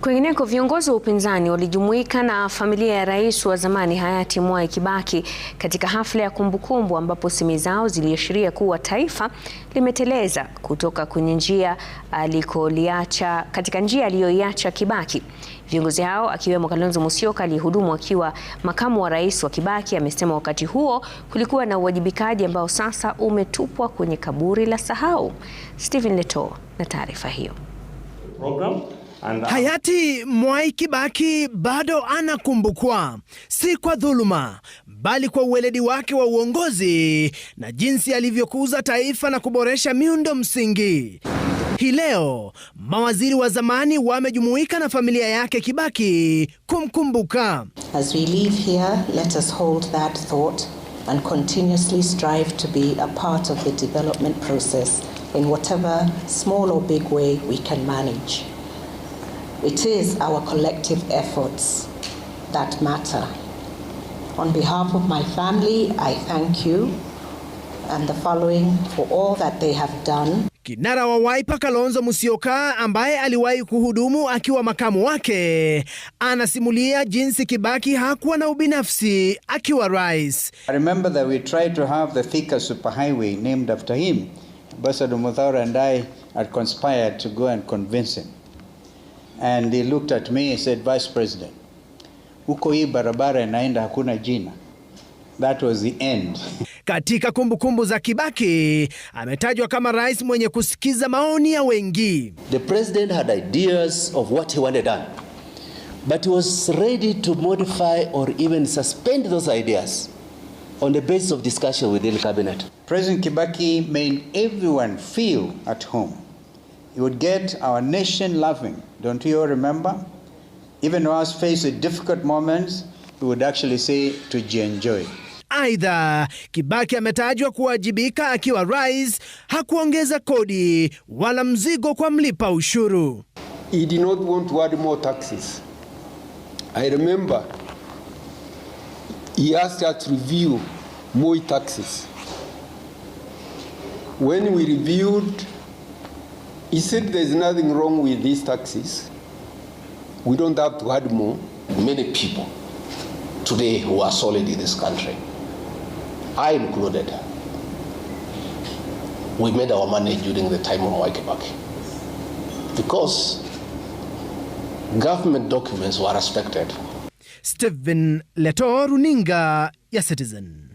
Kwingineko, viongozi wa upinzani walijumuika na familia ya rais wa zamani hayati Mwai Kibaki katika hafla ya kumbukumbu ambapo semi zao ziliashiria kuwa taifa limeteleza kutoka kwenye njia alikoliacha katika njia aliyoiacha Kibaki. Viongozi hao akiwemo Kalonzo Musyoka aliyehudumu akiwa makamu wa rais wa Kibaki amesema wakati huo kulikuwa na uwajibikaji ambao sasa umetupwa kwenye kaburi la sahau. Stephen Leto na taarifa hiyo Program. And, uh, hayati Mwai Kibaki bado anakumbukwa si kwa dhuluma, bali kwa uweledi wake wa uongozi na jinsi alivyokuza taifa na kuboresha miundo msingi. Hii leo mawaziri wa zamani wamejumuika na familia yake Kibaki kumkumbuka. As we leave here, let us hold that thought and continuously strive to be a part of the development process in whatever small or big way we can manage. It is our collective efforts that matter. On behalf of my family, I thank you and the following for all that they have done. Kinara wa Wiper Kalonzo Musyoka ambaye aliwahi kuhudumu akiwa makamu wake anasimulia jinsi Kibaki hakuwa na ubinafsi akiwa rais. I remember that we tried to have the Thika superhighway named after him. Ambassador Muthaura and I had conspired to go and convince him and he looked at me and said, Vice President, uko hii barabara inaenda hakuna jina. That was the end. Katika kumbukumbu za Kibaki ametajwa kama rais mwenye kusikiza maoni ya wengi. The president had ideas of what he wanted done. But he was ready to modify or even suspend those ideas on the basis of discussion within cabinet. President Kibaki made everyone feel at home it would get our nation loving. Don't you all remember? Even when us faced with difficult moments, we would actually say to enjoy. Aidha, Kibaki ametajwa kuwajibika akiwa rais, hakuongeza kodi wala mzigo kwa mlipa ushuru. He did not want to add more taxes. I remember he asked us to review more taxes. When we reviewed He said there's nothing wrong with these taxes. We don't have to add more. Many people today who are solid in this country, I included, we made our money during the time of Mwai Kibaki because government documents were respected. Stephen Leto, runinga ya Citizen.